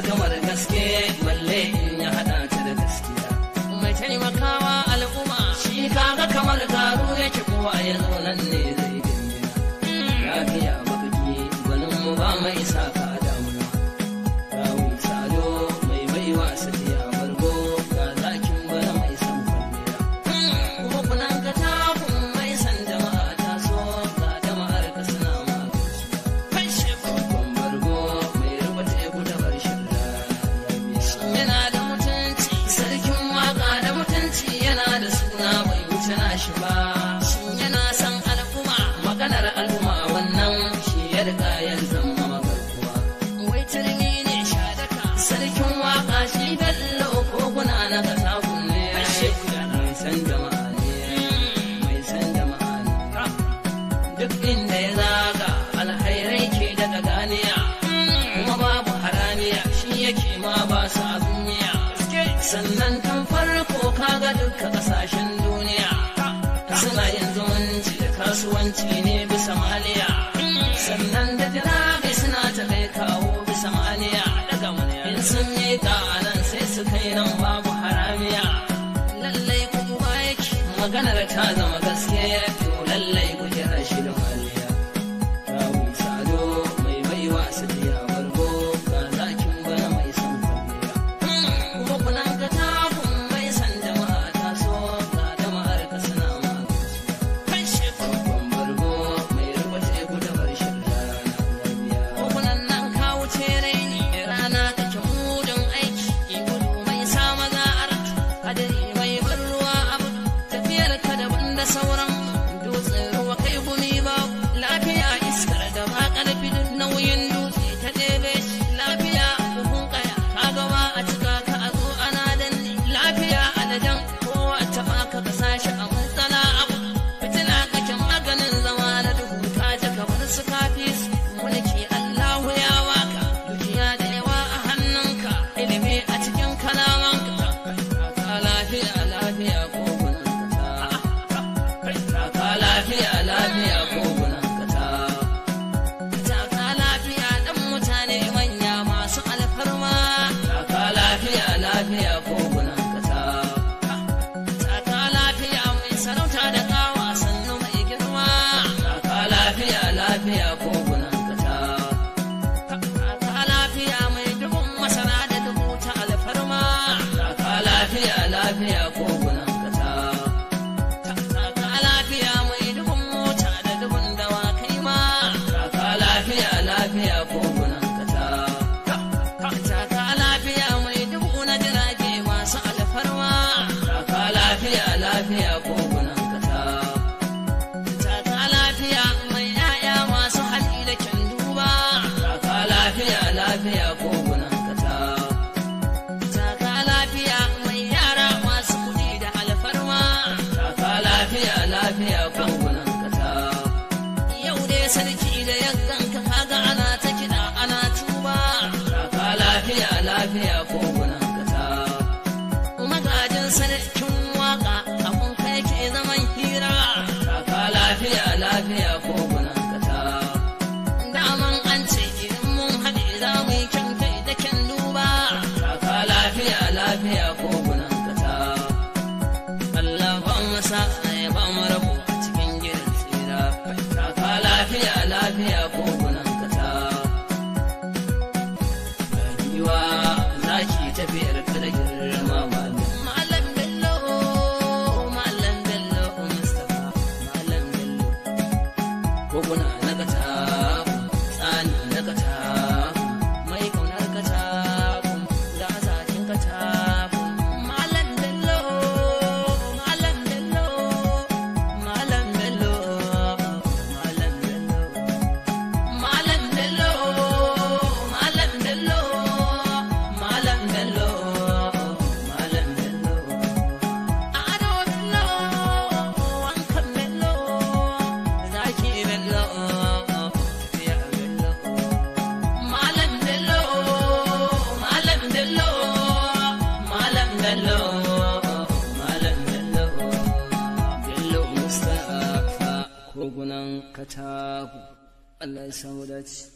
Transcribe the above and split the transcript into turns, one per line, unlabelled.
gama kamar gaske balle in ya haɗa ta da gaskiya. Mai taimakawa al'umma shi kaga kamar garu yake ko a yanzu nan ne zai gina. Hmm. Lafiya baki gwanin mu ba mai sa sannan tun farko kaga duka kasashen duniya suna yin zumunci da kasuwanci ne bisa maliya sannan da jiragai suna ta kai kawo bisa maliya daga in sun miƙa a nan sai su kai nan babu haramiya lallai kuma yake maganar ta zama to the fatahu Allah ya samu dace